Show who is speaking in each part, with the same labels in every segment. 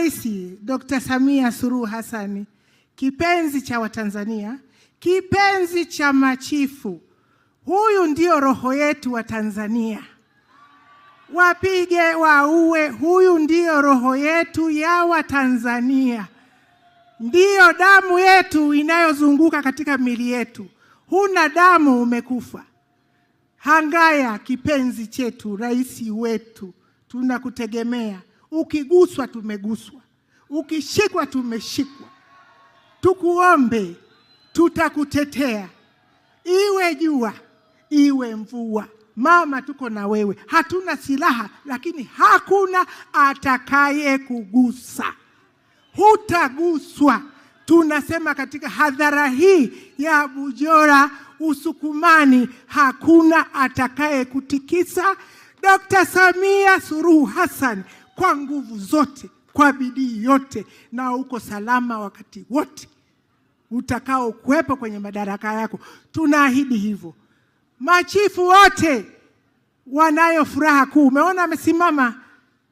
Speaker 1: Rais Dr. Samia Suluhu Hassan, kipenzi cha Watanzania, kipenzi cha machifu, huyu ndio roho yetu wa Tanzania. Wapige waue, huyu ndiyo roho yetu ya Watanzania, ndiyo damu yetu inayozunguka katika mili yetu. Huna damu umekufa. Hangaya kipenzi chetu, rais wetu, tunakutegemea. Ukiguswa tumeguswa, ukishikwa tumeshikwa. Tukuombe, tutakutetea, iwe jua iwe mvua. Mama, tuko na wewe, hatuna silaha, lakini hakuna atakaye kugusa. Hutaguswa. Tunasema katika hadhara hii ya Bujora Usukumani, hakuna atakaye kutikisa. Dokta Samia Suluhu Hassan kwa nguvu zote, kwa bidii yote, na uko salama wakati wote utakao kuwepo kwenye madaraka yako. Tunaahidi hivyo. Machifu wote wanayo furaha kuu. Umeona amesimama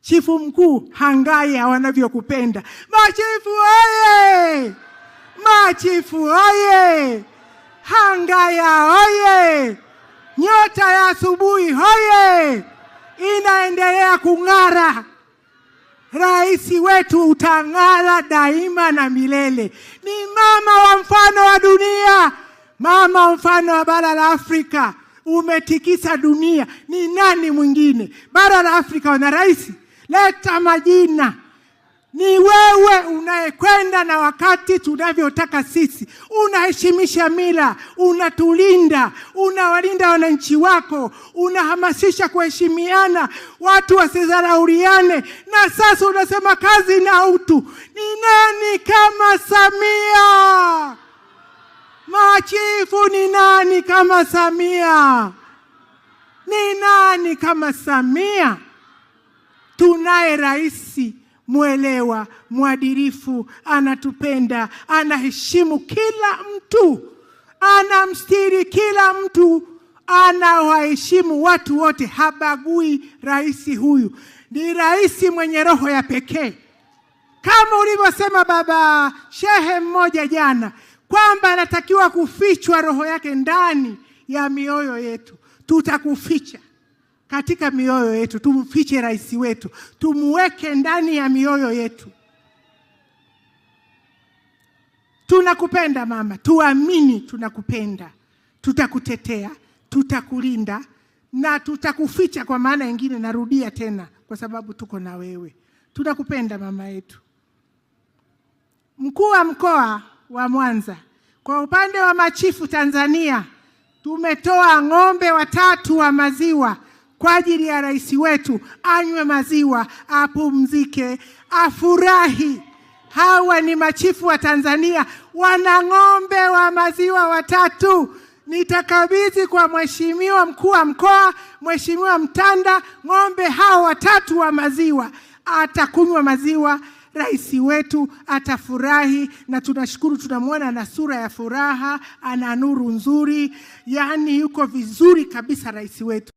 Speaker 1: chifu mkuu hangaya wanavyokupenda. Machifu oye! Machifu oye! Hangaya oye! Nyota ya asubuhi oye Inaendelea kung'ara. Rais wetu utang'ara daima na milele. Ni mama wa mfano wa dunia, mama wa mfano wa bara la Afrika. Umetikisa dunia, ni nani mwingine? Bara la Afrika wana rais, leta majina ni wewe unayekwenda na wakati tunavyotaka sisi, unaheshimisha mila, unatulinda, unawalinda wananchi wako, unahamasisha kuheshimiana, watu wasidharauliane, na sasa unasema kazi na utu. Ni nani kama Samia? Machifu, ni nani kama Samia? Ni nani kama Samia? Tunaye raisi mwelewa, mwadirifu anatupenda, anaheshimu kila mtu, anamstiri kila mtu, anawaheshimu watu wote, habagui. Rais huyu ni rais mwenye roho ya pekee, kama ulivyosema baba shehe mmoja jana kwamba anatakiwa kufichwa roho yake ndani ya mioyo yetu. Tutakuficha katika mioyo yetu, tumfiche rais wetu, tumweke ndani ya mioyo yetu. Tunakupenda mama, tuamini tunakupenda, tutakutetea, tutakulinda na tutakuficha. Kwa maana nyingine, narudia tena, kwa sababu tuko na wewe, tunakupenda mama yetu. Mkuu wa mkoa wa Mwanza, kwa upande wa machifu Tanzania, tumetoa ng'ombe watatu wa maziwa kwa ajili ya rais wetu, anywe maziwa, apumzike, afurahi. Hawa ni machifu wa Tanzania, wana ng'ombe wa maziwa watatu. Nitakabidhi kwa mheshimiwa mkuu wa mkoa, mheshimiwa Mtanda, ng'ombe hao watatu wa maziwa. Atakunywa maziwa, rais wetu atafurahi, na tunashukuru, tunamwona na sura ya furaha, ana nuru nzuri, yaani yuko vizuri kabisa rais wetu.